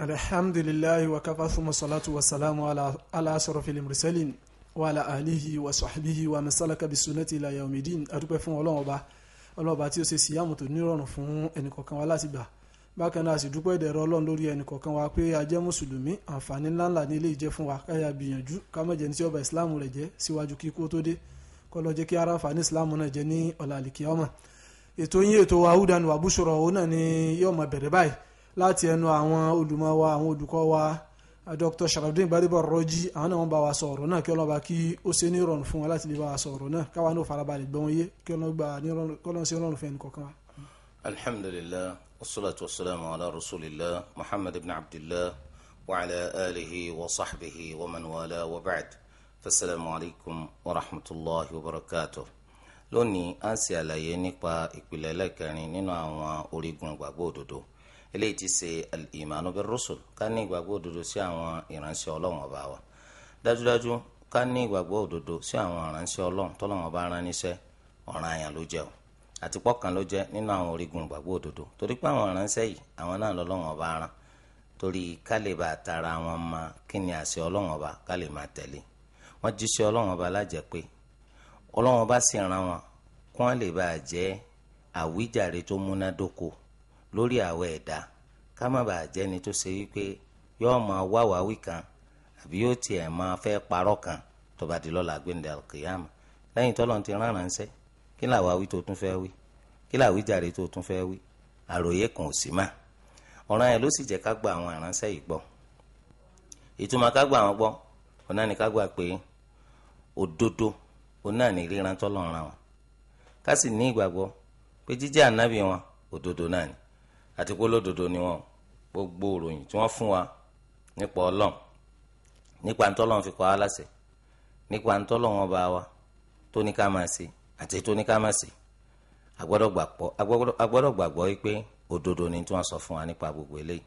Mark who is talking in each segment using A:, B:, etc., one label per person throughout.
A: alhamdulilayi wa kafa fuma salatu wa salamu ala ala asrafil mursalin wa ala alihi wa sahbihi wa masalaka bi sunnati ila yaumidin adúpẹ́ fún Ọlọ́run ọba Ọlọ́run ọba tí ó ṣe síyàmù tó nírọ̀rùn fún ẹnìkọ̀ọ̀kan wa láti gbà bákan náà a sì dúpẹ́ ìdẹ̀rọ Ọlọ́run lórí ẹnìkọ̀ọ̀kan wa pé a jẹ́ mùsùlùmí àǹfààní ńláńlá ní ilé ìjẹ́ fún wa káyà gbìyànjú ká má jẹ́ ní tí ọba ìsìláàmù rẹ̀ jẹ́ síwájú kí kó tó dé kọ́ lọ kí ara àǹfààní ìsìláàmù náà jẹ́ ní ọ̀làlìkíyàmọ̀ ètò yín ètò àwùdánù àbúṣọrọ̀ òun náà ni yóò máa bẹ̀rẹ̀ báyìí láti ẹnu àwọn olùmọ̀ wa àwọn olùkọ́ wa dr sharafdin gbadebo rọjí àwọn náà wọ́n bá wa sọ̀rọ̀ náà kí ọlọ́ba kí ó ṣe ní ìrọ̀rùn fún wa láti lè bá wa sọ̀rọ̀ náà káwa náà farabalẹ̀ gbọ́n yé kí ọlọ́run ṣe ìrọ̀rùn fún ẹnì kọ̀ọ̀kan wa.
B: alhamdulillah wasalaatu wasalaamu ala rasulillah muhammad ibn abdillah wa ala alihi wa sahbihi wa man wa ba'd fasalaamu alaykum wa rahmatulahi wa barakatuh lónìí a ń ṣe àlàyé nípa ìpìlẹ̀ ẹlẹ́kẹrin nínú àwọn orígun ìgbàgbọ́ òdodo eléyìí ti ṣe al-imanu bir-rusul ká ní ìgbàgbọ́ òdodo sí àwọn ìránṣẹ́ ọlọ́run ọba wa dájúdájú ká ní ìgbàgbọ́ òdodo sí àwọn ìránṣẹ́ ọlọ́run tọ́lọ́run ọba rán níṣẹ́ ọ̀ràn àyàn ló jẹ́ o àti pọ́kàn ló jẹ́ nínú àwọn orígun ìgbàgbọ́ òdodo torí pé àwọn ìránṣẹ́ yìí àwọn náà lọ́lọ́run ọba rán torí ká lè bá tara wọn ma kí ni àṣẹ ọlọ́run ọba ká lè máa tẹ̀lé wọ́n jíṣẹ́ ọlọ́run ọba lájẹ́ pé ọlọ́run ọba sì rán wọn kí wọ́n lè bá jẹ́ àwíjàre tó múnádóko lórí àwọ̀ ẹ̀dá ká má bàa jẹ́ni tó ṣe wípé yóò máa wá wàwí kan àbí yóò tiẹ̀ máa fẹ́ parọ́ kan tó bá di lọ́la gbẹ̀ndẹ̀ kìyàmù lẹ́yìn tọ́lọ́run ti rán ránṣẹ́ kí làwa wí tó tún fẹ́ wí kí làwí jàre tó tún fẹ́ wí àròyé kan ò sí mà ọ̀ràn ẹ̀ ló sì jẹ́ ká gba àwọn àránṣẹ́ yìí gbọ́ ìtumọ̀ ká gba àwọn gbọ́ ọ̀nà ni ká gbà pé òdodo ọ̀nà ni ríran tọ́lọ́run ra wọn ká sì ní ìgbàgbọ́ pé jíjẹ́ ànábì wọn òdodo náà ni àti pé olódodo ni wọn gbogbo ìròyìn tí wọ́n fún wa nípa ọlọ́run nípa ntọ́lọ́run fi kọ́ á láṣẹ nípa ntọ́lọ́run ọba wa tó ní ká máa ṣe àti tó ní ká máa ṣe agbọ́dọ̀ gbàgbọ́ pé òdodo ni tí wọ́n sọ fún wa nípa gbogbo eléyìí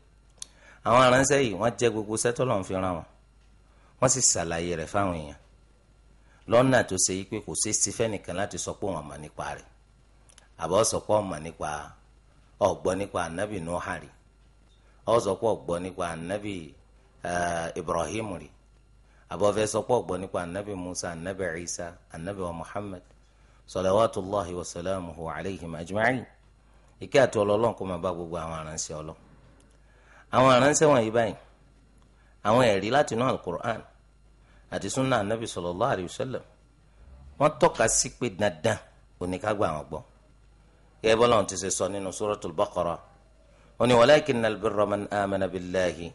B: àwọn aránṣẹ́ yìí wọ́n jẹ́ gbogbo sẹ́tọ́lọ́run fi rán wọn wọ́n sì ṣàlàyé rẹ̀ fáwọn èèyàn lọ́nà tó ṣe yí pé kò ṣeé ṣe fẹ́nìkan láti sọ pé wọ́n mọ̀ nípa rẹ̀ àbọ̀ sọ pé wọ́n mọ̀ nípa rẹ̀ ọ̀gbọ́ nípa anabi nuha rí ọ̀sọ̀pọ̀ ọ̀gbọ́ nípa anabi eh, ibrahim rí abọ́fẹ́ sọpọ̀ ọ̀gbọ́ nípa anabi musa anabi isa anabi wa muhammad salawatullahi wa salamuhu alayhim ajma'in ìkẹ́ àti ọlọ́lọ́n kó máa bá gbogbo àwọn aránṣẹ́ ọlọ́ àwọn aránṣẹ́ wọ̀nyí báyìí àwọn ẹ̀rí láti inú alukur'an àti sunna anabi sallallahu alayhi wa sallam wọ́n sí pé dandan oníkágbà àwọn gbọ́n gẹ́gẹ́ bọ́lá wọn ti ṣe sọ nínú suratul baqara wọn ni walakin albirra man amana billahi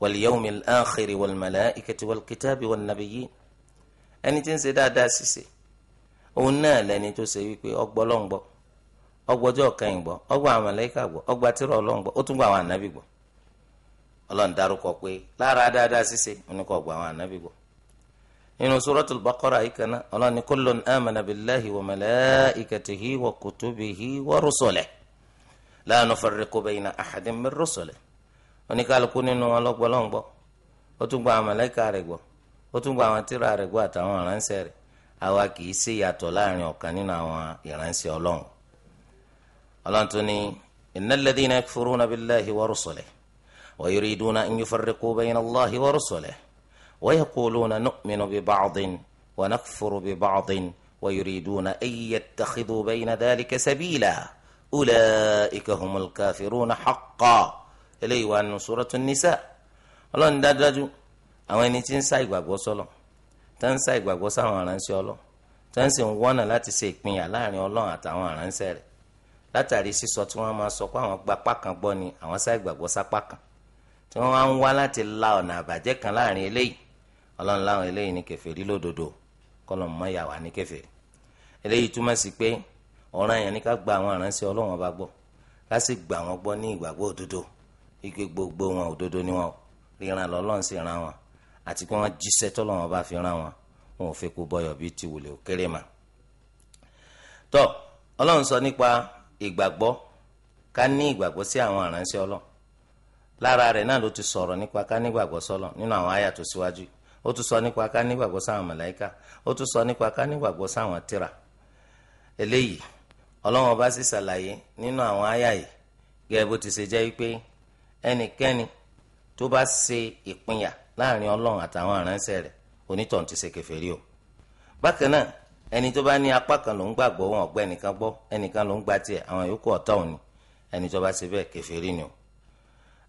B: wal yawmil akhiri wal malaikati wal kitabi wan nabiyyi ẹni tí ń ṣe dáadáa ṣiṣe òun náà lẹni tó ṣe wípé ọgbọ́ lọ́ngbọ́ ọgbọ́jọ́ kẹyìn gbọ́ ọgbà àwọn gbọ́ ọgbà tìrọ̀ ọlọ́ngbọ́ ó tún gbà àwọn ànábì gbọ́ ọlọ́run pé lára dáadáa ṣiṣe oníkọ̀ gbà àwọn ànábì gbọ́ nínú suratul baqara yìí kan náà ọlọ́ni kullun amana billahi wa malaikatihi wa kutubihi wa rusulihi la nufarriqu bayna ahadin min rusulihi oníkálukú nínú wọn lọ́gbọ́ lọ́ngbọ́ ó tún gba àwọn màláíkà rẹ̀ gbọ́ ó tún gba àwọn tírà rẹ̀ gbọ́ àtàwọn ìránṣẹ́ rẹ̀ àwa kì í ṣe yàtọ̀ láàrin ọ̀kan nínú àwọn ìránṣẹ́ ọlọ́run ọlọ́run tún ní innal ladhina yakfuruna billahi wa rusulihi wa yuriduna an ويقولون نؤمن ببعض ونكفر ببعض ويريدون أن يتخذوا بين ذلك سبيلا أولئك هم الكافرون حقا إليه وأن سورة النساء الله ندرج àwọn ẹni tí ń sá ìgbàgbọ́ sọ́lọ̀ tó ń sá ìgbàgbọ́ sáwọn aránṣẹ́ ọlọ́ tó ń sì ń wọ́nà láti ṣe ìpínyà láàrin ọlọ́run àtàwọn aránṣẹ́ rẹ̀ látàrí sísọ tí wọ́n máa sọ pé àwọn gba apá kan gbọ́ ni àwọn sá ìgbàgbọ́ sápá kan tí wọ́n wá ń wá láti la ọ̀nà àbàjẹ́ kan láàrin eléyìí ọlọ́run láwọn eléyìí ní kèfèrí lódodo kọ́lọ̀ mọ́ ìyàwó ní kèfèrí eléyìí túmọ̀ sí pé ọ̀ràn yẹn ní ká gba àwọn àránṣẹ́ ọlọ́run ọba gbọ́ ká sì gbà wọ́n gbọ́ ní ìgbàgbọ́ òdodo ike gbogbo wọn òdodo ni wọn ríran lọ́lọ́run sì ran wọn àti pé wọ́n jíṣẹ́ tọ́lọ́run ọba fi ran wọn wọn ò fẹ́ kó bọyọ̀ bíi ti wùlé òkèrè mà. tọ́ ọlọ́run sọ nípa ìgbàgbọ́ ká ní ìgbàgbọ́ sí àwọn àránṣẹ́ ọlọ́run lára rẹ̀ náà ló ti sọ̀rọ̀ nípa ká ní ìgbàgbọ́ sọ́lọ̀ nínú àwọn àyà síwájú ó tún sọ nípa ká nígbàgbọ́ sáwọn màláíkà ó tún sọ nípa ká nígbàgbọ́ sáwọn tírà eléyìí ọlọ́run ọba sì ṣàlàyé nínú àwọn àyà yìí gẹ́gẹ́ bó ti ṣe jẹ́ pé ẹnikẹ́ni tó bá ṣe ìpínyà láàrin ọlọ́run àtàwọn aránṣẹ́ rẹ̀ onítọ̀hún ti ṣe kèfèrí o bákan náà ẹni tó bá ní apá kan ló ń gbàgbọ́ wọn ọ̀gbẹ́ ẹnìkan gbọ́ ẹnìkan ló ń gba tiẹ̀ àwọn yòókù ọ̀tá òní ẹni tó bá ṣe bẹ́ẹ̀ kèfèrí ni o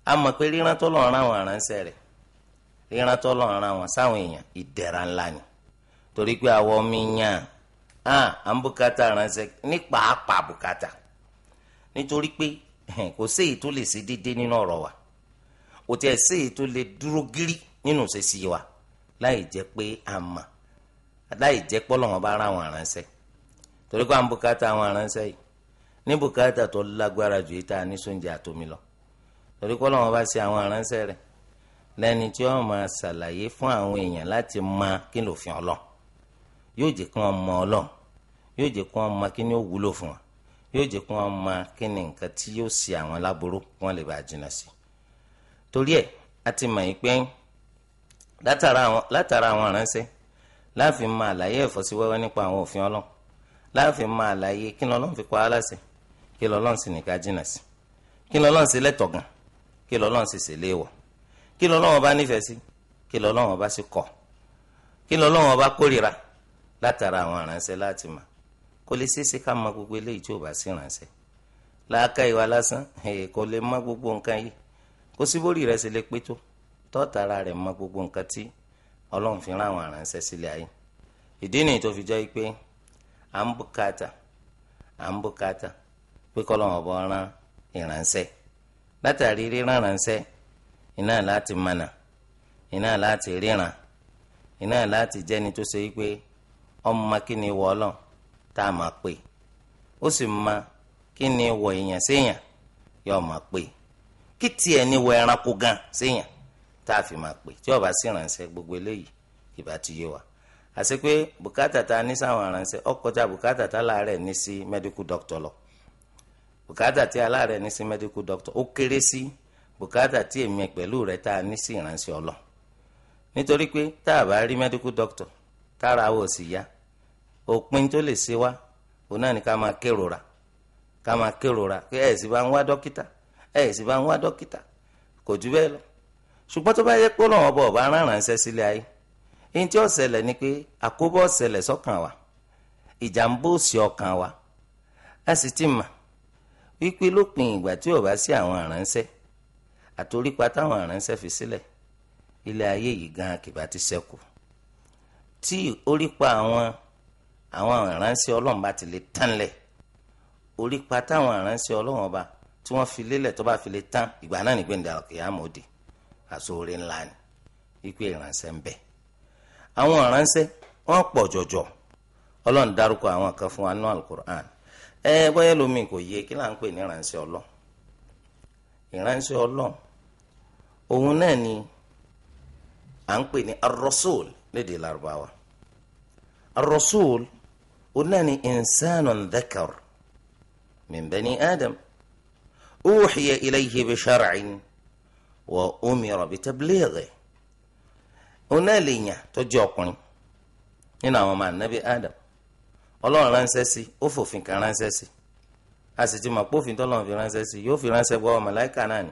B: a mọ̀ pé ríran tó lọ́ọ́ rán àwọn aránṣẹ́ rẹ̀ ríran tó lọ́n wọn sáwọn èèyàn ìdẹ̀ra ńlá ni torí pé àwọn ọmọ yàn á ń bùkátà ránṣẹ́ ní pàápàá bùkátà nítorí pé kò sí èyí tó lè ṣe déédé nínú ọ̀rọ̀ wa kò tiẹ̀ sí èyí tó lè dúró gírí nínú wa láì jẹ́ pé a mà láì jẹ́ pé Ọlọ́run bá ra àwọn ránṣẹ́ torí pé à lọ torí pé bá ṣe àwọn rẹ̀ lẹ́ni tí wọ́n máa ṣàlàyé fún àwọn èèyàn láti mọ kí ló fi ọlọ́ yóò jẹ́ kí wọ́n mọ ọlọ́ yóò jẹ́ kí wọ́n mọ kí ni ó wúlò fún wọn yóò jẹ́ kí wọ́n mọ kí ni nǹkan tí yóò ṣe àwọn láboró kí wọ́n lè bá jìnnà sí torí ẹ̀ a ti mọ̀ yìí pé látara àwọn aránṣẹ́ láàfin máa àlàyé ẹ̀fọ́síwẹ́wẹ́ nípa àwọn òfin ọlọ́ láàfin máa àlàyé kí lọ́lọ́run fi pa á láṣẹ kí lọ́lọ́run sì ní ká jìnnà sí kí lọ́lọ́run sì lẹ́tọ̀gàn kí lọ́lọ́run sì ṣèléèwọ̀ kí lọ́lọ́run ọba nífẹ̀ẹ́ sí kí lọ́lọ́run ọba sì kọ̀ kí lọ́lọ́run ọba kórìíra látara àwọn aránṣẹ́ láti mọ̀ kò lè ṣeéṣe ká mọ gbogbo eléyìí tí ò bá sí ránṣẹ́ láàká ìwà lásán eh, kò lè mọ gbogbo nǹkan yìí kò sí bórí rẹ̀ sì lè pé tó tọ́tara rẹ̀ mọ gbogbo nǹkan tí ọlọ́run fi rán àwọn aránṣẹ́ sílẹ̀ ayé ìdí nìyí tó fi jọ́ pé à ń bùkátà à ń bùkátà pé kọ́lọ́run ọba rán ìránṣẹ́ látàrí rírán ránṣẹ́ iná láti mànà iná láti ríran iná láti jẹ́ni tó ṣe wípé ọmọ kí ni wọ ọlọ́n tá a máa pè ó sì mọ kí ni wọ èèyàn séèyàn yóò máa pè kí tiẹ̀ ni wọ ẹranko gan séèyàn tá a fi máa pè tí ó bá sì ránṣẹ́ gbogbo eléyìí ìbá ti yé wa àti pé bùkátà ta ní sáwọn aránṣẹ́ ó bùkátà ta láàárẹ̀ ní sí medical doctor lọ bùkátà tí aláàárẹ̀ ní sí medical doctor ó kéré sí. Si bùkátà tí èmi pẹ̀lú rẹ̀ tá a ní sí ìránṣẹ́ ọlọ nítorí pé tá a bá rí medical doctor tára wa ò ya òpin tó lè ṣe wá òun náà ni ká máa kérora ká máa kérora pé ẹ̀ sì bá ń wá dókítà ẹ̀ sì bá ń wá dókítà kò jù bẹ́ẹ̀ lọ ṣùgbọ́n tó bá yẹ ọba sílé ayé tí ni pé àkóbọ̀ sọ́kàn wa ìjàmbá ti mà wípé lópin ìgbà tí bá sí àwọn àtòrípa táwọn aránṣẹ́ fi sílẹ̀ ilé ayé yìí gan kìbá ti ṣẹ́kù tí orípa àwọn àwọn aránṣẹ́ ọlọ́run bá ti lè tánlẹ̀ orípa táwọn aránṣẹ́ ọlọ́run ọba tí wọ́n fi lélẹ̀ tó bá fi lè tán ìgbà náà ní gbẹ̀ǹdà kìyàmọ́ àsóore ńlá ni wípé ìránṣẹ́ ń bẹ àwọn aránṣẹ́ wọ́n pọ̀ jọjọ ọlọ́run dárúkọ àwọn kan fún wa nínú alukur'an ẹ bọ́yá lómi kò yé kí là ń pè ní ìránṣẹ́ ọlọ́run ìránṣẹ́ ọlọ́run òun náà ni à ń pè ní arọ́sùl lédè Lárúbáwá arọ́sùl òun náà ni insanun dhakar min bani adam uhiya ilayhi bi shar'in wa umira bi tablighi òun náà lè yàn tó jẹ́ ọkùnrin nínú àwọn ọmọ ànábì adam ọlọ́run ránṣẹ́ sí ó fòfin kan ránṣẹ́ sí a sì ti mọ̀ pé tọ́lọ́run fi ránṣẹ́ sí yóò fi ránṣẹ́ gbọ́ ọmọ láìka náà ni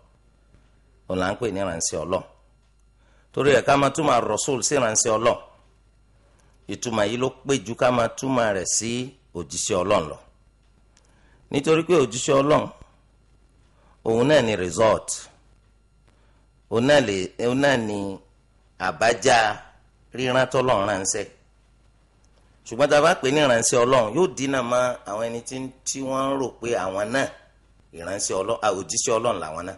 B: òun là ń pè ní ìránṣẹ́ ọlọ́run torí ẹ̀ ká máa túmọ̀ rasul sí ìránṣẹ́ ọlọ́run ìtumọ̀ yìí ló pé ju ká máa túmọ̀ rẹ̀ sí òjíṣẹ́ ọlọ́run lọ nítorí pé òjíṣẹ́ ọlọ́run òun náà ni result òun náà ni àbájá ríran tọ́lọ́run ránṣẹ́ ṣùgbọ́n tá a bá pè ní ìránṣẹ́ ọlọ́run yóò dínà mọ́ àwọn ẹni tí wọ́n ń rò pé àwọn náà ìránṣẹ́ ọlọ́run òjíṣẹ́ ọlọ́run làwọn náà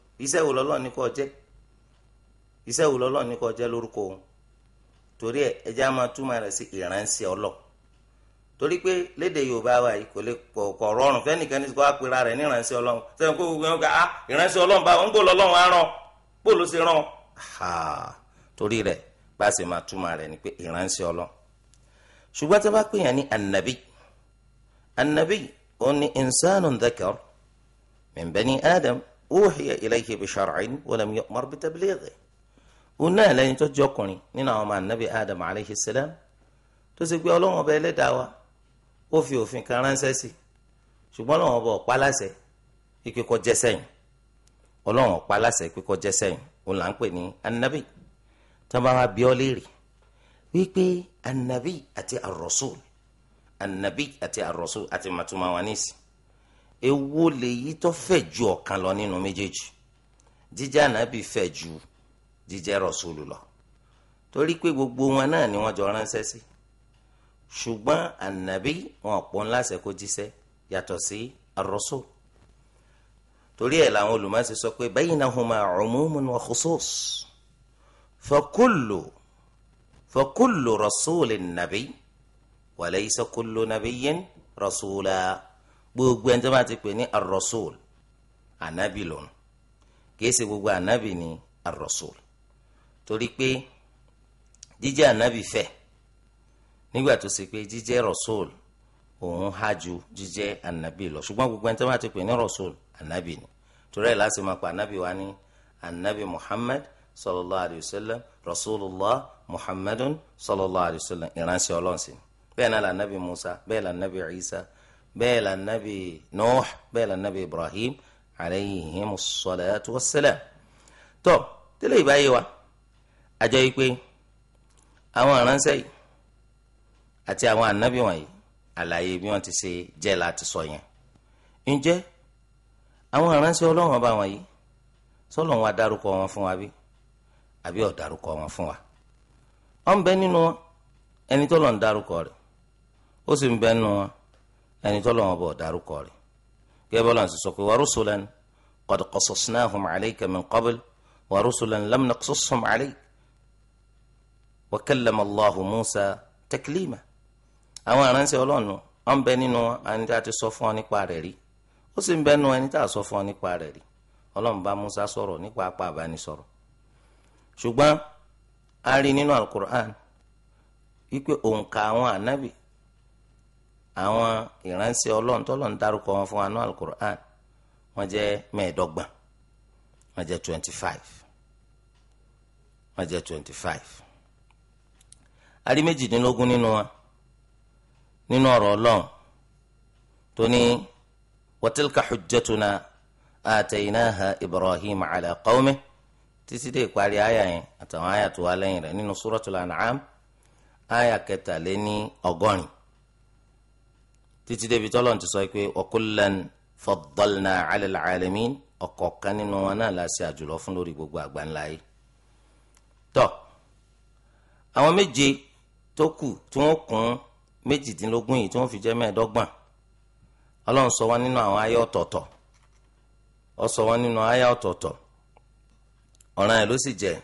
B: iṣẹ́ wo lọ́lọ́ọ̀ ní kó jẹ́ iṣẹ́ wo lọ́lọ́ọ̀ ní kó jẹ́ lórúkọ òun torí ẹ ẹjẹ́ á máa túmọ̀ rẹ̀ sí ìránṣẹ́ ọlọ́ torí pé léde Yorùbá wa yìí kò lè kọ̀ rọrùn fẹ́nìkan ní kó apera rẹ̀ ní ìránṣẹ́ Ọlọ́run sẹ́yìn kó gbogbo ẹ̀ka ah ìránṣẹ́ Ọlọ́run báwo ń gbò lọ́lọ́run á rán bó ló ṣe rán torí rẹ̀ bá a ṣe máa túmọ̀ rẹ̀ ni pé ìránṣẹ́ Ọlọ́run ṣùgbọ́n tí a bá pèèyàn ní anabi anabi ó ní insanun dhakar min bani Adam uhiya ilayhi bi shar'in wa lam yu'mar bi tablighi òun náà lẹ́yìn tó jẹ́ ọkùnrin nínú àwọn ọmọ anabi adam alayhi salam tó ṣe pé ọlọ́run ọba ẹlẹ́dàá wa ó fi òfin kan ránṣẹ́ sí ṣùgbọ́n ọlọ́run ọba ọ̀pá láṣẹ pé kó jẹ́ sẹ́yìn ọlọ́run ọ̀pá láṣẹ pé kó jẹ́ sẹ́yìn òun là ń pè ní anabi tó bá wa bí ọ léèrè wípé anabi àti ar-rasul anabi àti ar-rasul àti màtúmọ̀ wa níìsín èwo lèyí tó fẹ̀ ju ọ̀kan lọ nínú méjèèjì jíjẹ́ ànábì fẹ̀ ju jíjẹ́ rọ̀ṣúlù lọ torí pé gbogbo wọn náà ni wọ́n jọ ránṣẹ́ sí ṣùgbọ́n ànábì wọn ọ̀pọ̀ ńlá ṣe kó jíṣẹ́ yàtọ̀ sí ar-rasul torí ẹ̀ làwọn olùmọ̀ọ́sẹ̀ sọ pé baynahuma umumun wa khusus fakullu fakullu rasulin nabi wa laysa kullu nabiyyin rasula gbogbo ẹni tó bá ti pè ní arọ́sọ́ọ̀lù ànábì lòun kìí ṣe gbogbo ànábì ní arọ́sọ́ọ̀lù torí pé jíjẹ́ ànábì fẹ̀ nígbà tó ṣe pé jíjẹ́ rọ́sọ́ọ̀lù òun há ju jíjẹ́ ànábì lọ ṣùgbọ́n gbogbo ẹni tó bá ti pè ní rọ́sọ́ọ̀lù ànábì ni torí ẹ̀ láti máa pa ànábì wa ní ànábì Muhammad sallallahu alayhi wa sallam rasulillah muhammadun sallallahu alayhi wa sallam ìránṣẹ́ ọlọ́sìn bẹ́ẹ̀ náà lànàbì Musa bẹ́ẹ̀ lànàbì Isa bẹ́ẹ̀ la nabi Nuh bẹ́ẹ̀ la nabi Ibrahim alayhimu salatu wassalam tó tẹ́lẹ̀ ìbáyé wa àjẹ́ yìí pé àwọn aránṣẹ́ yìí àti àwọn ànábì wọ̀nyí àlàyé bí wọ́n ti ṣe jẹ́ láti sọ yẹn ǹjẹ́ àwọn aránṣẹ́ ọlọ́run ọba wọ̀nyí sọ́lọ̀ wọn adarúkọ wọn fún wa bí àbí ọ̀darúkọ wọn fún wa ó ń nínú wọn ẹni tó lọ́n darúkọ rẹ̀ ó sì ń bẹ nínú wọn ẹni tó lọ́wọ́ bọ̀ dárúkọ rẹ̀ gẹ́gẹ́ bọ́lá ti sọ pé wa rusulan qad qasasnahum alayka min qabl wa rusulan lam naqsushum alayk wa kallama Allahu Musa taklima àwọn aránṣẹ́ ọlọ́run wọn bẹ nínú ẹni tá a ti sọ fún ọ nípa rẹ̀ rí ó sì ń bẹ nínú ẹni tá a sọ fún ọ nípa rẹ̀ rí ọlọ́run bá Musa sọ̀rọ̀ nípa apá àbánisọ̀rọ̀ ṣùgbọ́n a rí nínú alukur'an wípé òǹkà àwọn ànábì àwọn ìránṣẹ́ ọlọ́run tó lọ́n dárúkọ wọn fún wa ní alukur'an wọ́n jẹ́ mẹ́ẹ̀ẹ́dọ́gbọ̀n wọ́n jẹ́ twenty five wọ́n jẹ́ twenty five arí méjìdínlógún nínú wa nínú ọ̀rọ̀ ọlọ́run tó ní watilka hujjatuna ataynaha ibrahim ala qawmi títí dé ìparí àyà yẹn àtàwọn àyà tó wà lẹ́yìn rẹ̀ nínú suratul an'am àyà kẹtàléní ọgọ́rin títí débi tọ́lọ́n ti sọ pé ọ̀kúnlẹ̀n faddalna ala al-alamin ọ̀kọ̀ọ̀kan nínú wọn náà la ṣe àjùlọ fún lórí gbogbo àgbáńlá yìí. tọ́ àwọn méje tó kù tí wọ́n kún méjìdínlógún yìí tí wọ́n fi jẹ́ mẹ́ẹ̀ẹ́dọ́gbọ̀n ọlọ́run sọ wọn nínú àwọn ayé ọ̀tọ̀ọ̀tọ̀ ọ sọ wọn nínú ayé ọ̀tọ̀ọ̀tọ̀ ọ̀ràn ẹ̀ ló sì jẹ́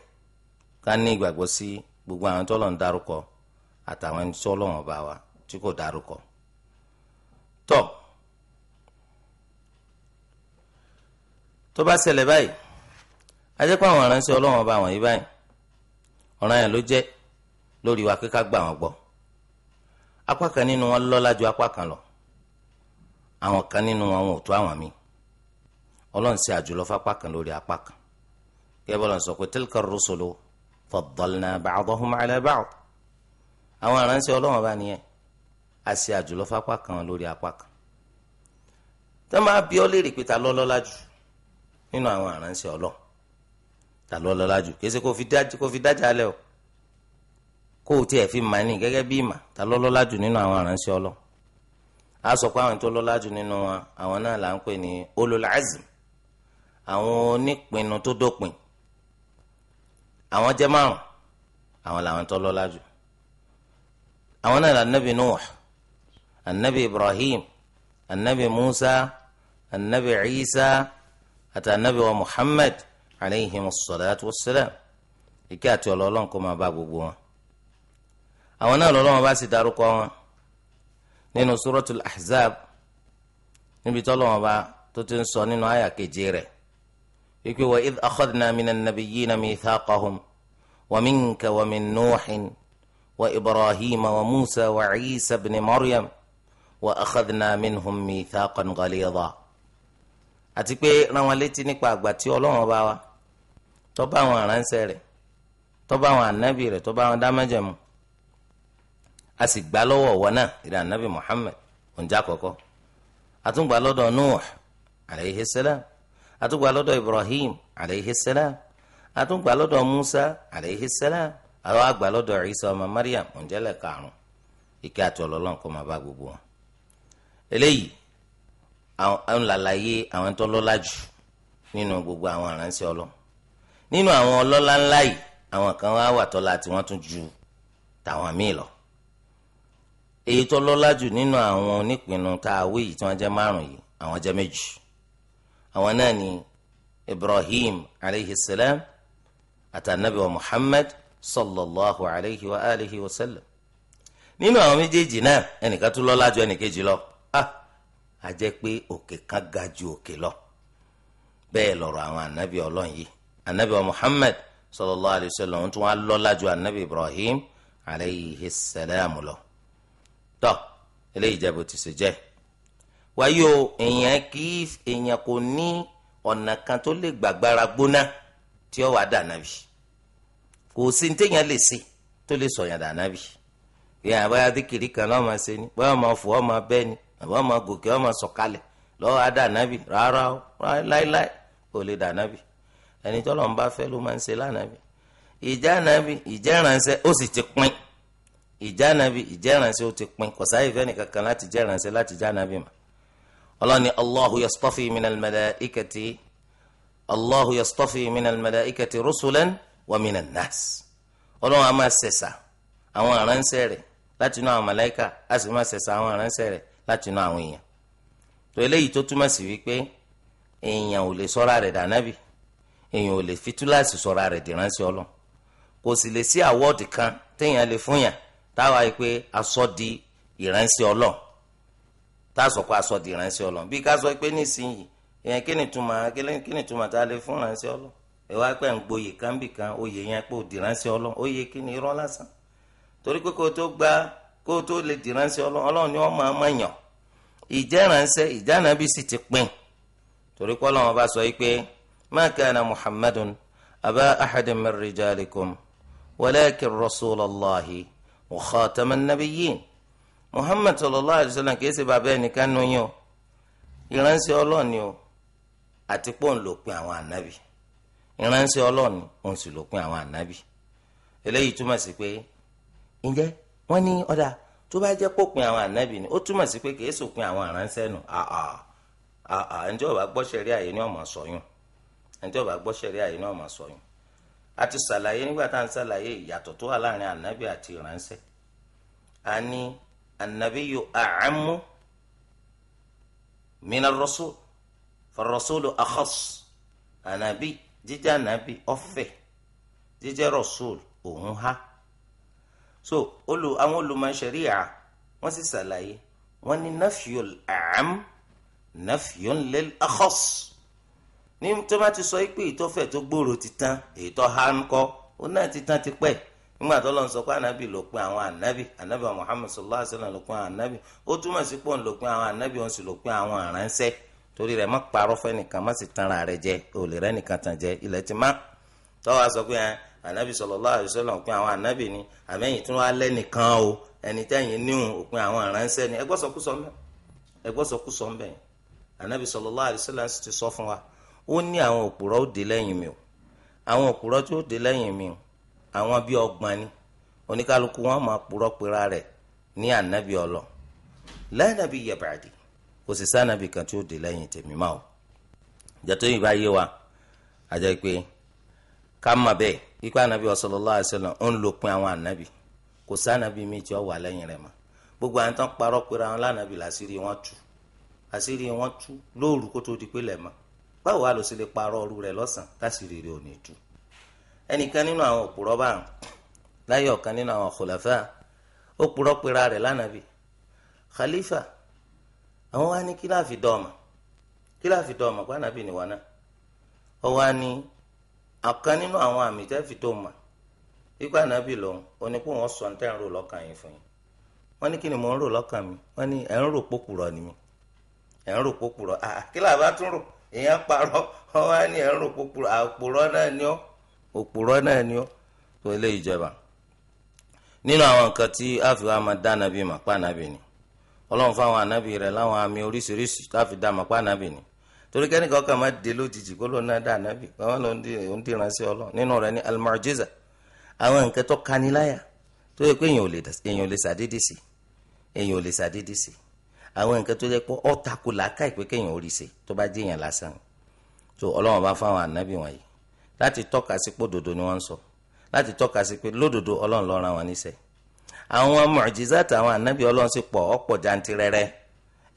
B: ká ní ìgbàgbọ́ sí gbogbo àwọn tọ́lọ̀ ń dárúkọ àtàwọn ẹni tọ́lọ̀ wọn bá wa tí kò dárúkọ tọ̀ tó bá ṣẹlẹ̀ báyìí ajẹ́ pé àwọn aránṣẹ́ ọlọ́wọ́n ọba àwọn yìí báyìí ọ̀ràn yẹn ló jẹ́ lórí wa kíkà gbà wọ́n gbọ́ apá kan nínú wọn lọ́lá ju apá kan lọ àwọn kan nínú wọn wọn ò tó àwọn míì ọlọ́run ṣe àjùlọ fapá kan lórí apá kan gẹ́gẹ́ bọ́lá sọ pé tilka rusulu faddalna ba'dahum ala ba'd àwọn aránṣẹ́ ọlọ́wọ́n ọba nìyẹn a ṣe àjùlọ fápá kan lórí apá kan tó máa bí ọ léèrè pé ta ló lọ́lá jù nínú àwọn àránṣẹ́ ọlọ́ ta ló lọ́lá jù kí ẹ ṣe kó fi dájà lẹ́ o kó o tiẹ̀ fi mà ní gẹ́gẹ́ bí ìmà ta ló lọ́lá jù nínú àwọn àránṣẹ́ ọlọ́ a sọ pé àwọn tó lọ́lá jù nínú wọn àwọn náà là ń pè ní ulul àwọn onípinnu tó dópin àwọn jẹ́ márùn àwọn làwọn tó lọ́lá jù àwọn náà là Nábì Nuh anabi ibrahim anabi musa anabi isa àti anabi wa muhammad aleyhi musalatu wasalam ike àti ọlọ́lọ́n kó máa bá gbogbo wọn. àwọn náà lọ́lọ́wọ́n bá sì dárúkọ wọn nínú suratul ahzab níbi tọ́lọ́wọ́n bá tó ti ń sọ nínú àyà keje rẹ̀ wípé wa idh akhadna minan nabiyyina mithaqahum wa minka wa min nuuhin wa ibrahima wa musa wa isa ibn maryam. wa akhadna minhum mithaqan ghalidha àti pé rán wọn létí nípa àgbà tí ọlọ́run bá wa tó bá àwọn aránṣẹ́ rẹ̀ tó bá àwọn ànábì rẹ̀ tó bá àwọn dámẹ́jẹ̀mú a sì gbà lọ́wọ́ ọ̀wọ́ náà ìrẹ̀ ànábì Muhammad ònjà kọ̀kọ́ àtúngbà lọ́dọ̀ Nuh alayhi salam àtúngbà lọ́dọ̀ Ibrahim alayhi salam àtúngbà lọ́dọ̀ Musa alayhi salam àwọn àgbà lọ́dọ̀ Isa ọmọ Maryam ònjẹ́lẹ̀ karùn-ún ìkẹ́ àti gbogbo eléyìí àwọn làlàyé àwọn tó lọ́lá jù nínú gbogbo àwọn aránṣẹ́ ọlọ́ nínú àwọn ọlọ́lá ńlá yìí àwọn kan wá wà tọ́lá tí wọ́n tún ju tàwọn míì lọ èyí tó lọ́lá jù nínú àwọn onípinnu tá a wí yìí tí wọ́n jẹ́ márùn yìí àwọn jẹ́ méjì àwọn náà ni Ibrahim alayhi salam àtànàbí wa Muhammad sallallahu alayhi wa alihi wa sallam nínú àwọn méjèèjì náà ẹnìkan tún lọ́lá jù ẹnìkejì lọ. Ah, a jẹ́ pé òkè kan ga ju òkè lọ bẹ́ẹ̀ lọ̀rọ̀ àwọn ànábì ọlọ́run yìí sallallahu alayhi wa sallam tún wá lọ́lá ju Ibrahim alayhi salam lọ tọ́ eléyìí jẹ́ bó ti ṣe jẹ́ wáyé o èèyàn kì í èèyàn kò ní kan tó lè gbàgbára gbóná tí ó wà dà kò sí ní téèyàn lè ṣe tó lè sọ̀yàn dà ìyá àbáyá dìkìrì kan náà ṣe ni máa ọ́ bẹ́ ni àbá máa gòkè ọmọ sọ̀kalẹ̀ lọ́wọ́ á dà nábì rárá o láíláí kò lè dà nábì ẹni tọ́lọ̀ ń bá fẹ́ ló máa ń ṣe lánàbì ìjà nábì ìjẹ́ ìrànṣẹ́ ó sì ti pín ìjà nábì ìjẹ́ ìrànṣẹ́ ó ti pín kò sáyé fẹ́ nìkankan láti jẹ́ ìrànṣẹ́ láti já nábì mà ọlọ́ni allahu yastafi minal malaikati allahu yastafi minal malaikati rusulan wa minan nas ọlọ́run a máa ṣẹ̀ṣà àwọn aránṣẹ́ rẹ̀ látinú àwọn àwọn aránṣẹ́ láti inú àwọn èèyàn tó eléyìí tó túmọ̀ sí wípé èèyàn ò lè sọ́ra rẹ̀ dànábì èèyàn ò lè fi túláàsì sọ́ra rẹ̀ kò sì lè sí àwọ́ọ̀dì kan téèyàn lè fún yàn táwa yìí pé di ìránṣẹ́ ọlọ́run a sọ pé aṣọ di ìránṣẹ́ bí ká sọ pé nísìnyìí èèyàn kí ni túmọ̀ kí ni túmọ̀ tá a lè fún ẹ oyè yẹn pé oyè kí ni irọ́ lásán kó o tó lè dìránṣẹ́ ọlọ́run ni wọ́n máa mọ̀ yàn ìjẹ́ránṣẹ́ ìjánabi sì ti pin torí pé ọlọ́run bá sọ pé ma kana muhammadun aba ahadin min rijalikum walakin rasulallahi wa khataman nabiyyin muhammad sallallahu alayhi wa sallam kìí ṣe bàbá ẹnìkan nù yín o ìránṣẹ́ ọlọ́run ni o àti pé òun ló pin àwọn ànábì ìránṣẹ́ ọlọ́run òun sì ló pin àwọn ànábì eléyìí túmọ̀ sí pé ǹjẹ́ wọ́n ní ọ̀dà tó bá jẹ́ pópin àwọn ànábì ni ó túmọ̀ sí pé kìí sòpin àwọn àránṣẹ́ nù ẹnjẹ́ ọba gbọ́sẹ̀rí àyè ni ọmọ sọyún ẹnjẹ́ ọba gbọ́sẹ̀rí àyè ní ọmọ sọyún a ti nígbà tá à ń ṣàlàyé ìyàtọ̀ tó wà láàrin ànábì àti ìránṣẹ́ a ní ànábì yóò àámú mina rasul farasulu akhas ànábì jíjẹ́ ànábì ọ̀fẹ́ jíjẹ́ rasul òun ha. so olu àwọn olùmọ̀ṣẹ̀ríà wọ́n sì ṣàlàyé wọ́n ní nafiyul am nafiyul lil akhas ni to bá ti sọ pé ìtọ́fẹ̀ tó gbòòrò ti tán èyí tó há ń kọ́ ó ti tán ti pẹ́ nígbà sọ pé ànábì ló pin àwọn anabi ànábì Muhammad sallallahu alayhi wa sallam ló pin àwọn ànábì ó túmọ̀ sí pin àwọn anabi sallallahu alaihi wasallam òpin àwọn anabi ni àmẹ́yìn tí wọ́n á lẹ́ nìkan o ẹni tẹ́yìn níhùn òpin àwọn ìránṣẹ́ ni ẹgbọ́sọkúsọ ń bẹ̀ ẹgbọ́sọkúsọ ń bẹ̀ anabi sallallahu alaihi wasallam sì ti sọ fún wa ó ní àwọn òpùrọ̀ ó dé lẹ́yìn mi o àwọn òpùrọ̀ tí ó dé lẹ́yìn mi o àwọn bíi ọgbọ̀n ni oníkálukú wọn máa purọ́ pera rẹ̀ ní anabi ọlọ lẹ́nàbí yẹ̀bàdì kò sì sànàbí kan tí ó dé lẹ́yìn tèmi máa o jẹ́tọ́ yìí bá yé wa àjẹ́ ká mà bẹ́ẹ̀ ipa anabi sallallahu alaihi wasallam ń lo pin àwọn anabi kò sí anabi mi tí ó wà lẹ́yìn rẹ̀ mọ́ gbogbo àwọn tán parọ́ pera wọn lánàbì làṣírí wọn tú àṣírí wọn tú lóòrù kó tó di pé lẹ́mọ́ báwo wá ló sì lè parọ́ ọrú rẹ̀ lọ́sàn táṣírí rẹ̀ ò ní tú ẹnìkan nínú àwọn òpùrọ́ bá ń láyé ọ̀kan nínú àwọn khulafa ó purọ́ pera rẹ̀ lánàbì khalifa àwọn wá ní kí láàfi dọ́ọ̀mà kí láàfi dọ́ọ̀mà pé ànàbì nìwọ náà ọ wá ní ọ̀kan nínú àwọn àmì tẹ́ fi tó mà ikú ànábì lòun oní pé wọ́n sọ ní tẹ́ ń rò lọ́kàn yín fún yín wọn ní kí ni mò ń rò lọ́kàn mi wọn ní ẹ̀ ń rò ni mi ẹ̀ ń rò pókùrọ̀ kí làá bá tún rò èèyàn parọ́ wọ́n wá ní ẹ̀ ń rò pókùrọ̀ àpòrọ́ náà ni ọ́ òpòrọ́ náà ni ọ́ tó ilé ìjọba nínú àwọn nǹkan tí máa dá ni ọlọ́run fáwọn ànábì rẹ̀ láwọn àmì oríṣiríṣi torí kẹ́ni kankan máa dé lójijì kó ló náà dá ànábì káwọn ló ń dìránṣẹ́ ọlọ́run nínú rẹ̀ ní almarjiza àwọn nǹkan tó kaniláyà tó yẹ pé èèyàn ò lè ṣàdédé sí èèyàn ò lè ṣàdédé sí àwọn nǹkan tó yẹ pé ó takò làákà ìpè kéèyàn ò rí ṣe tó bá jẹ́ èèyàn lásán tó ọlọ́run bá fáwọn ànábì wọ̀nyí láti tọ́ka sí pé òdodo ni wọ́n ń sọ láti tọ́ka sí pé lódodo ọlọ́run ló rán wọn níṣẹ́ àwọn mọ̀jìzá àtàwọn ànábì ọlọ́run sì pọ̀ ọ̀pọ̀ jantirẹrẹ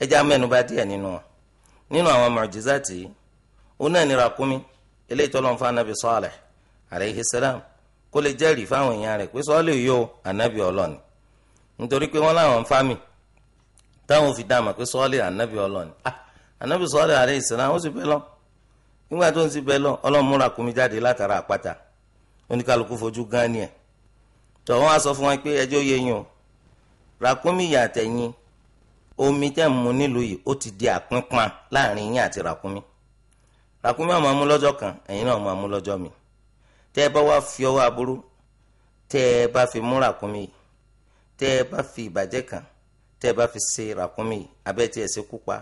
B: ẹja mẹ́nubà díẹ̀ nínú wọn nínú àwọn mọ̀jísàtì òun náà ni ràkúnmí eléyìí tọ́lọ́n fún anabi Salih alayhi salam kó lè jẹ́rìí fáwọn èèyàn rẹ̀ pé sọ́ọ́lì yóò anabi ọlọ́ni nítorí pé wọ́n láwọn fámì táwọn fi dáàmà pé anabi ọlọ́ni ah anabi Salih alayhi salam ó sì bẹ́ lọ nígbà tó ń sì bẹ́ lọ ọlọ́run mú ràkúnmí jáde látara àpáta oníkàlùkù fojú gan ni ẹ̀ tọ́ wọ́n omi tẹ́ ń mu nílùú yìí ó ti di àpínpán láàrin yín àti ràkúnmí ràkúnmí á máa mú lọ́jọ́ kan ẹ̀yin náà máa mú lọ́jọ́ mi tẹ́ ẹ bá wá fi ọwọ́ aburú tẹ́ ẹ bá fi mú ràkúnmí yìí tẹ́ ẹ bá fi ìbàjẹ́ kan tẹ́ ẹ bá fi ṣe ràkúnmí yìí abẹ́ tí ẹ ṣe kú pa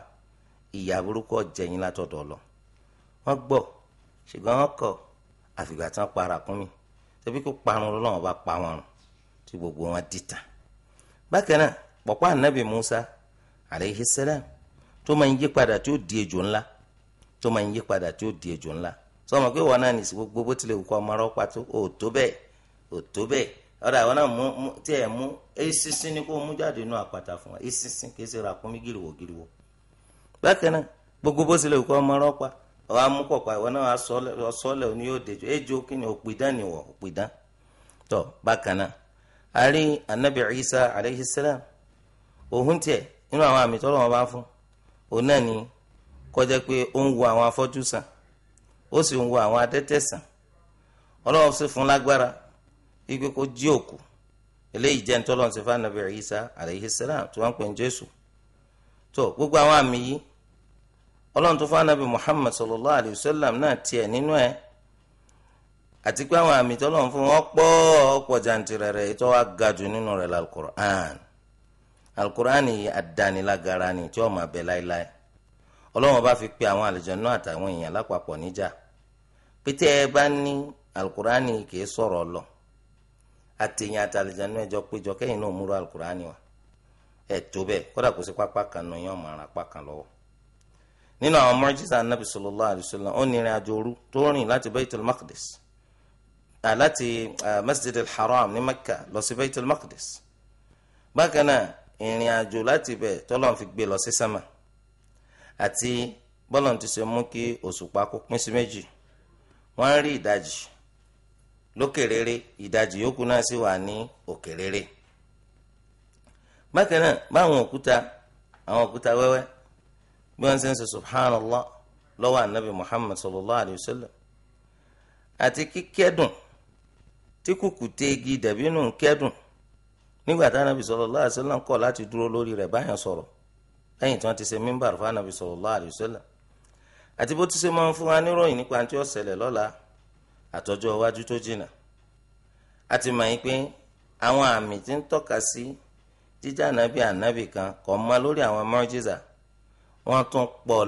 B: ìyà burúkú ọ̀jẹ̀yìn látọ̀dọ̀ lọ wọ́n gbọ́ ṣùgbọ́n wọ́n kọ̀ àfìgbà tí wọ́n pa ràkúnmí tẹ́bí kó parun lọ́wọ́ bá pa wọn rùn tí gbogbo wọn dìtà bákan náà pọ̀pọ̀ ànábì Musa alehi salam tó máa ń yí padà tí di ejò ńlá tó máa ń yí padà tí di ejò ńlá sọmọ pé wọn náà ní gbogbo bó tilẹ̀ kọ́ ọmọ ọlọ́pàá tó ò tó bẹ́ẹ̀ ò tó bẹ́ẹ̀ ọ̀dà àwọn náà mú tí ẹ̀ mú ni mú jáde àpàtà fún wa kì í ṣe bákan náà gbogbo bó tilẹ̀ kọ́ ọmọ ọlọ́pàá náà a anabi Isa alayhi nínú àwọn àmì tọ́lọ́ wọn bá fún òun náà ni kọjá pé ó ń wo àwọn afọ́jú sàn ó sì ń wo àwọn adẹ́tẹ̀ sàn ọlọ́wọ́ sì fún lágbára wípé kó jí òkú eléyìí jẹ́ nítorí ọ̀sẹ̀ fún anabi Isa alayhi tí wọ́n ń pè ní Jésù tó gbogbo àwọn àmì yìí ọlọ́run tó fún anabi Muhammad sallallahu alayhi wa sallam náà tiẹ̀ nínú ẹ̀ àti pé àwọn àmì tọ́lọ́run fún wọn pọ̀ ọ̀pọ̀ jàǹtìrẹrẹ ètò wa ga jù nínú rẹ̀ lálùkùránì alukurani àdánilágara ni tí ó máa bẹ láéláé ọlọ́wọ́n bá fi pe àwọn àlùjànnú àtàwọn èèyàn lápapọ̀ níjà pété ẹ bá ní alukurani kìí sọ̀rọ̀ lọ àtẹ̀yìn àtàlùjànnú ẹjọ́ péjọ kẹ́yìn náà múra alukurani wa ẹ̀ tó bẹ́ẹ̀ kódà kó sí pápá kan náà yẹn ọ̀mọ̀ ara pápá kan lọ́wọ́ nínú àwọn mọ́jísà anabi sallallahu alayhi wa sallam ó ní àjò òru tó rìn láti baitul maqdis láti masjid al ní makka lọ sí baitul maqdis bákan náà ìrìn àjò láti bẹ̀ tọ́lọ́n fi gbé lọ sí sámà àti bọ́lọ̀ ti ṣe mú kí òṣùpá kó pín sí méjì wọ́n ń rí ìdajì lókè rere ìdajì yòókù náà sì wà ní òkè rere bákan náà báwọn òkúta àwọn òkúta wẹ́wẹ́ bí wọ́n ṣe ń sọ subhanallah lọ́wọ́ anabi muhammad sallallahu alayhi wa sallam àti kíkẹ́dùn tí kùkùté igi dàbínú kẹ́dùn nígbà tá anabi sallallahu alaihi wasallam kọ̀ láti dúró lórí rẹ̀ báyàn sọ̀rọ̀ lẹ́yìn tí wọ́n ti ṣe mímbà fún anabi sallallahu alaihi wasallam àti bó ti ṣe máa ń fún wa níròyìn nípa tí ó ṣẹlẹ̀ lọ́la àtọ́jọ́ iwájú tó jìnà a ti mọ̀ yín pé àwọn àmì tí ń tọ́ka sí jíjẹ́ ànábì ànábì kan kò mọ lórí àwọn mọ́jísà wọ́n tún pọ̀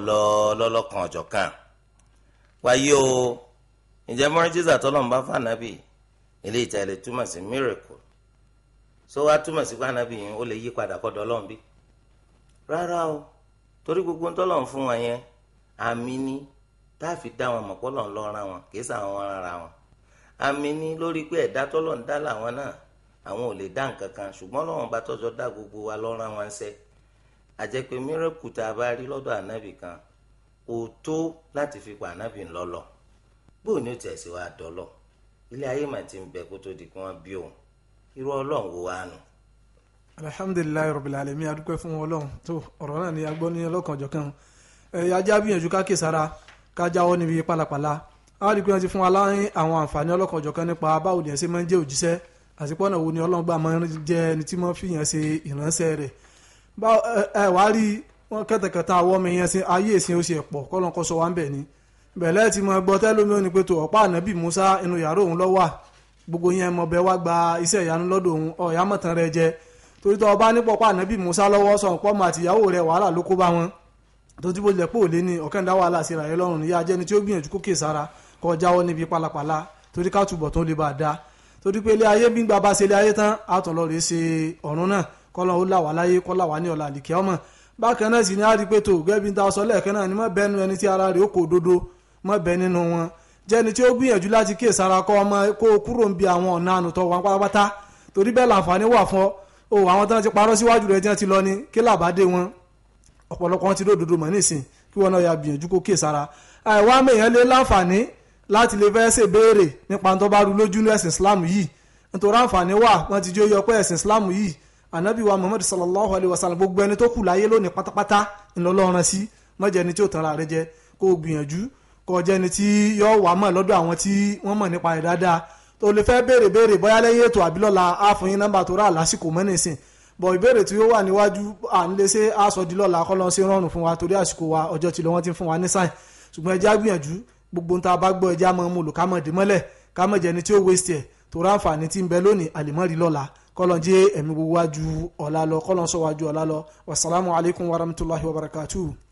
B: lọ́lọ́kan ọ̀jọ̀ kan wáyé o ǹjẹ́ mọ́jísà tọ́lọ́mùbá so wá túmọ̀ sí pé anabi yẹn ó lè yí padà kọ́dọ̀ ọlọ́run bí rárá o torí gbogbo ń tọ́lọ̀ fún wọn yẹn àmì ni tá a fi dá wọn mọ̀ pọ́lọ̀ ń lọ́ra wọn kì í sà ara wọn àmì ni lórí pé ẹ̀dá tọ́lọ̀ ń dá làwọn náà àwọn ò lè dá nǹkan kan ṣùgbọ́n lọ́wọ́n bá tọ́jọ́ dá gbogbo wa lọ́ra wọn ṣẹ́ àjẹpẹ́ mírẹ́kù tá a bá rí lọ́dọ̀ ànábì kan kò tó láti fi pa ànábì ńlọ́lọ́ bóun ni ó tẹ̀ wa dọ́lọ́ ilé ayé mà ti ń bẹ kó tó di kí wọ́n bí òun irú ọlọ́run wo wá nù.
A: alhamdulilayi rabbil alamin adúpẹ́ fún ọlọ́run tó ọ̀rọ̀ náà ni agbọ́ ní ọlọ́kanjọ̀kan ẹ̀yà ajá gbìyànjú ká kè sára ká jáwọ́ níbi pálapàla àwọn àdìpẹ́ wọn ti fún wa láyé àwọn àǹfààní ọlọ́kanjọ̀kan nípa báwo ni ẹ̀ ṣe máa ń jẹ́ òjíṣẹ́ àsìkò ọ̀nà wo ni ọlọ́run gbà máa ń jẹ́ ẹni tí wọ́n fìyàn ṣe ìránṣẹ́ rẹ̀ ẹ wá rí wọn kẹtẹkẹtẹ àwọn ọmọ yẹn sin ayé ìsìn ó ṣe kọ́lọ́n kọ́ sọ wá ń bẹ̀ ni bẹ̀lẹ́ ti mọ gbọ́ tẹ́lómi ó ní pé tó ọ̀pá ànábì Musa inú yàrá òun lọ́wọ́ gbogbo yẹn mọ̀ bẹ́ẹ̀ wá gba iṣẹ́ ìyanu lọ́dọ̀ òun ọ̀yà mọ̀tàn rẹ jẹ torí tó ọba ní pọ̀pọ̀ ànábì Musa lọ́wọ́ sọ̀n pọ́mọ àtìyàwó rẹ̀ wàhálà ló kó bá wọn tó ti bó lẹ̀ pò lé ní ọ̀kẹ́ ńdá wàhálà sí ìràyẹ́ lọ́rùn níyà jẹ́ni tí ó gbìyànjú kókè sára kọ́ jáwọ́ níbi pálapàla torí ká túbọ̀ tó lè bá a dá torí pé ilé ayé bí ń gba bá ṣe ilé ayé tán àtọ̀lọ́ rèé ọ̀run náà kọ́lọ́ ó là wá láyé kọ́lá wá ní ọ̀la àlìkẹ́ ọmọ bákan náà sì ni jẹ́ni tí ó gbìyànjú láti kí èsàrà kọ́ ọmọ kó o kúrò ń bi àwọn ọ̀nà ànùtọ̀ wọn pátápátá torí bẹ́ẹ̀ làǹfààní wà fún ọ o àwọn tí wọ́n ti parọ́ síwájú rẹ̀ tí wọ́n ti lọ ni kí làbádé wọn ọ̀pọ̀lọpọ̀ wọn ti dódodo mọ̀ nísìn kí wọn náà ya gbìyànjú kó kí èsàrà àìwá mẹ́yàn lé láǹfààní láti lè fẹ́ ṣe béèrè nípa tó bá rú lójú ní ẹ̀sìn Islam yìí nítorí àǹfààní wà wọ́n ti jó yọ pé ẹ̀sìn Islam yìí ànábì wa Muhammad sallallahu alayhi wa sallam gbogbo ẹni tó kọjá ẹni tí yóò wà mọ̀ lọ́dọ̀ àwọn tí wọ́n mọ̀ nípa rẹ̀ dáadáa tó lè fẹ́ béèrè béèrè bóyá lẹ́yìn ètò àbí lọ́la á fún yín nọ́mbà tó rà lásìkò mọ́nìsìn bọ̀ ìbéèrè tí ó wà níwájú à ń lè ṣe aṣọ di lọ́la kọ́ lọ́n ṣe rọrùn fún wa torí àsìkò wa ọjọ́ tí lọ́wọ́n ti fún wa ní sáìn ṣùgbọ́n ẹja gbìyànjú gbogbo ń ta bá gbọ́ ẹja mọ́ mo lò ká mọ̀ dé mọ́lẹ̀ ká mọ̀ jẹ́ni tí ó waste ẹ̀ tó ráǹfààní tí ń bẹ lónìí àlèmọ́rí lọ́la kọ́lọ́n jẹ́ ẹ̀mí gbogbo wájú ọ̀la lọ kọ́lọ́n sọ wájú ọ̀la lọ wasalaamu alaykum wa rahmatulahi wa barakatuh.